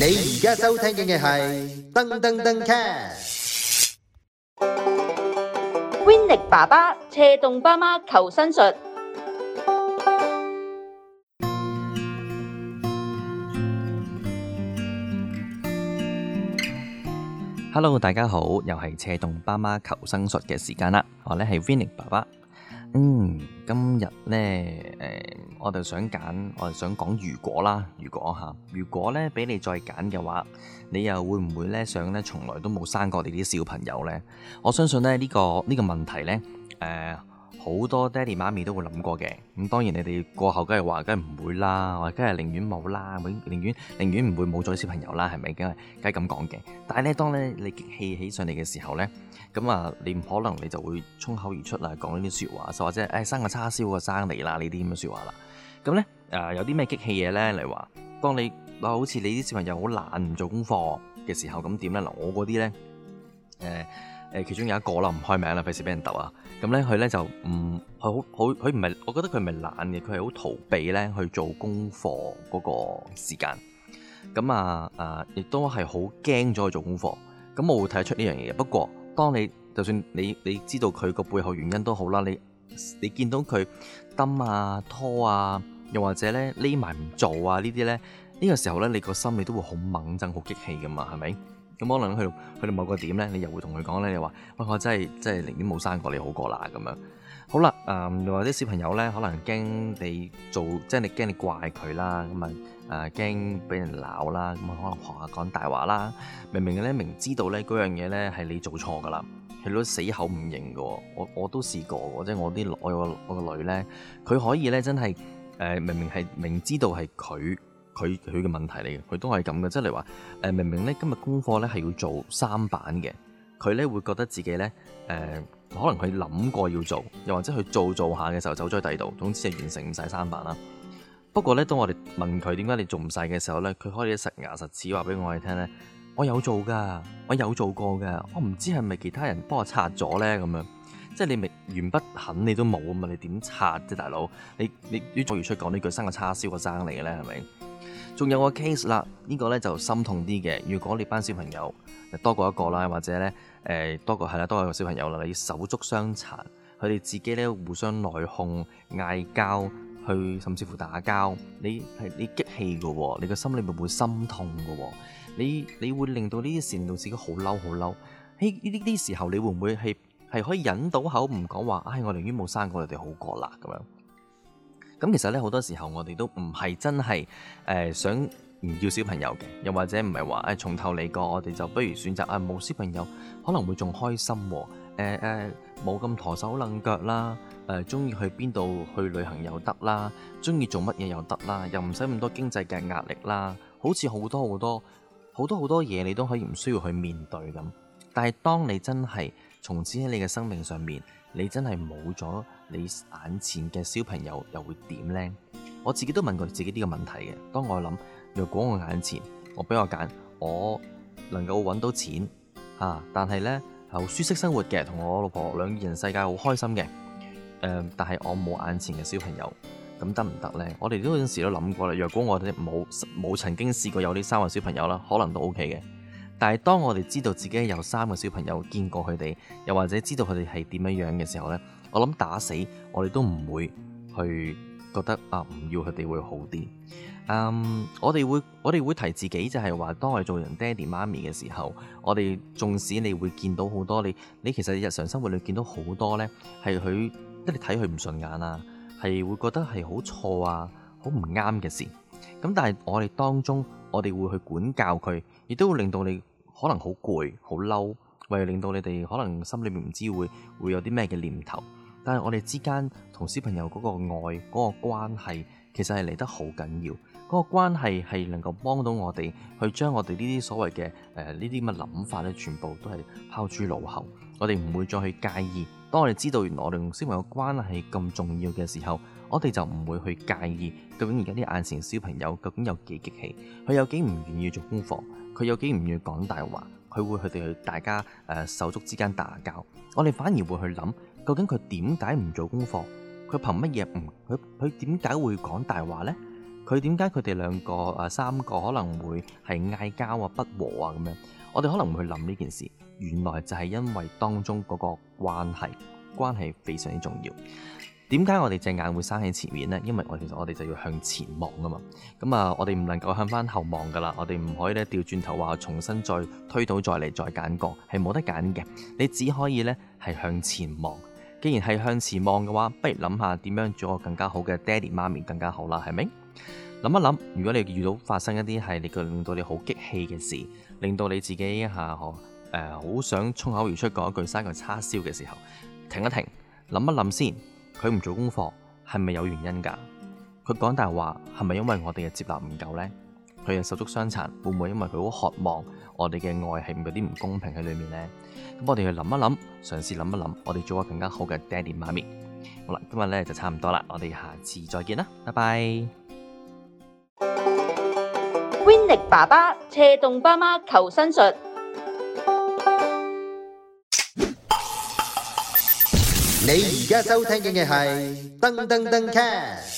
你而家收聽嘅係燈登登 cast，Vinny 爸爸車動爸媽求生術。Hello，大家好，又係車動爸媽求生術嘅時間啦！我呢係 Vinny 爸爸。嗯，今日咧，誒、呃，我就想揀，我就想講，如果啦，如果吓，如果咧畀你再揀嘅話，你又會唔會咧想咧從來都冇生過你啲小朋友咧？我相信咧呢、呢個呢、呢個問題咧，誒、呃。好多爹哋媽咪都會諗過嘅，咁當然你哋過後梗係話，梗係唔會啦，梗係寧願冇啦，永寧願寧願唔會冇咗小朋友啦，係咪？梗係梗係咁講嘅。但係咧，當咧你激氣起上嚟嘅時候咧，咁啊，你唔可能你就會衝口而出啦，講呢啲説話，就或者誒、哎、生個叉燒個生嚟啦呢啲咁嘅説話啦。咁咧，誒，有啲咩激氣嘢咧，例如話，當你好似你啲小朋友好懶，唔做功課嘅時候，咁點咧？嗱，我嗰啲咧誒。呃誒，其中有一個啦，唔開名啦，費事俾人揼啊！咁咧，佢咧就唔，佢好好，佢唔係，我覺得佢唔係懶嘅，佢係好逃避咧去做功課嗰個時間。咁啊啊，亦都係好驚咗去做功課。咁我會睇得出呢樣嘢。不過，當你就算你你知道佢個背後原因都好啦，你你見到佢掟啊拖啊，又或者咧匿埋唔做啊呢啲咧，呢個時候咧，你個心你都會好猛憎，好激氣㗎嘛，係咪？咁可能去到某個點咧，你又會同佢講咧，你話：喂，我真係真係寧願冇生過，你好過啦咁樣。好啦，又、呃、或者小朋友咧，可能驚你做，即係你驚你怪佢啦，咁啊，誒，驚俾人鬧啦，咁可能學下講大話啦。明明咧，明知道咧，嗰樣嘢咧係你做錯㗎啦，佢都死口唔認㗎。我我都試過，即係我啲我我個女咧，佢可以咧真係誒、呃，明明係明知道係佢。佢佢嘅問題嚟嘅，佢都係咁嘅。即係你話誒，明明咧今日功課咧係要做三版嘅，佢咧會覺得自己咧誒、呃，可能佢諗過要做，又或者佢做做下嘅時候走咗第二度。總之係完成唔晒三版啦。不過咧，當我哋問佢點解你做唔晒嘅時候咧，佢開始實牙實齒話俾我哋聽咧：我有做㗎，我有做過㗎，我唔知係咪其他人幫我擦咗咧咁樣。即係你未鉛筆痕，你都冇啊嘛，你點擦？啫，大佬？你你於左出講呢句生個叉燒個生」嚟嘅咧，係咪？仲有個 case 啦，呢個呢就心痛啲嘅。如果你班小朋友多過一個啦，或者呢誒多過係啦，多過多過一個小朋友啦，你手足相殘，佢哋自己呢互相內訌、嗌交，去甚至乎打交，你係你激氣嘅喎，你個心裏面會心痛嘅喎、哦，你你會令到呢啲事令到自己好嬲好嬲。喺呢啲啲時候，你會唔會係係可以忍到口唔講話？唉、哎，我寧願冇生過你哋好過啦咁樣。咁其實咧，好多時候我哋都唔係真係誒、呃、想唔要小朋友嘅，又或者唔係話誒從頭嚟過，我哋就不如選擇啊冇、哎、小朋友，可能會仲開心喎。誒冇咁陀手攆腳啦，誒中意去邊度去旅行又得啦，中意做乜嘢又得啦，又唔使咁多經濟嘅壓力啦。好似好多好多好多好多嘢，你都可以唔需要去面對咁。但係當你真係從此喺你嘅生命上面。你真係冇咗你眼前嘅小朋友，又會點呢？我自己都問過自己呢個問題嘅。當我諗，若果我眼前，我俾我揀，我能夠揾到錢啊，但係呢，好舒適生活嘅，同我老婆兩人世界好開心嘅，嗯，但係我冇眼前嘅小朋友，咁得唔得呢？我哋都嗰陣時都諗過啦。若果我哋冇冇曾經試過有呢三位小朋友啦，可能都 OK 嘅。但係當我哋知道自己有三個小朋友，見過佢哋，又或者知道佢哋係點樣樣嘅時候呢，我諗打死我哋都唔會去覺得啊，唔要佢哋會好啲。Um，我哋會我哋會提自己就係話，當我哋做人爹哋媽咪嘅時候，我哋縱使你會見到好多你你其實日常生活裏見到好多呢，係佢一你睇佢唔順眼啊，係會覺得係好錯啊，好唔啱嘅事。咁但係我哋當中，我哋會去管教佢，亦都會令到你可能好攰、好嬲，為令到你哋可能心裏面唔知會會有啲咩嘅念頭。但係我哋之間同小朋友嗰個愛嗰個關係，其實係嚟得好緊要。嗰個關係係能夠幫到我哋去將我哋、呃、呢啲所謂嘅誒呢啲咁嘅諗法咧，全部都係拋諸腦後，我哋唔會再去介意。當我哋知道原來我哋同小朋友關係咁重要嘅時候，我哋就唔會去介意究竟而家啲眼前小朋友究竟有幾激氣，佢有幾唔願意做功課，佢有幾唔願意講大話，佢會佢哋大家誒手足之間打交？我哋反而會去諗，究竟佢點解唔做功課？佢憑乜嘢唔？佢佢點解會講大話呢？佢點解佢哋兩個誒三個可能會係嗌交啊、不和啊咁樣？我哋可能唔去諗呢件事，原來就係因為當中嗰個關係，關係非常之重要。點解我哋隻眼會生喺前面呢？因為我其實我哋就要向前望啊嘛。咁啊，我哋唔能夠向翻後望噶啦，我哋唔可以咧調轉頭話重新再推倒再嚟再揀過，係冇得揀嘅。你只可以呢係向前望。既然係向前望嘅話，不如諗下點樣做一個更加好嘅爹哋媽咪更加好啦，係咪？諗一諗，如果你遇到發生一啲係令令到你好激氣嘅事，令到你自己一下，啊呃，好想衝口而出講一句生嚿叉燒嘅時候，停一停，諗一諗先。佢唔做功課係咪有原因噶？佢講大話係咪因為我哋嘅接納唔夠呢？佢又手足相殘會唔會因為佢好渴望我哋嘅愛係有啲唔公平喺裏面呢？咁我哋去諗一諗，嘗試諗一諗，我哋做個更加好嘅 Daddy、Mummy 好啦，今日咧就差唔多啦，我哋下次再見啦，拜拜。Winnie 爸爸車動爸媽求生術，你而家收聽嘅係登登登 Cast。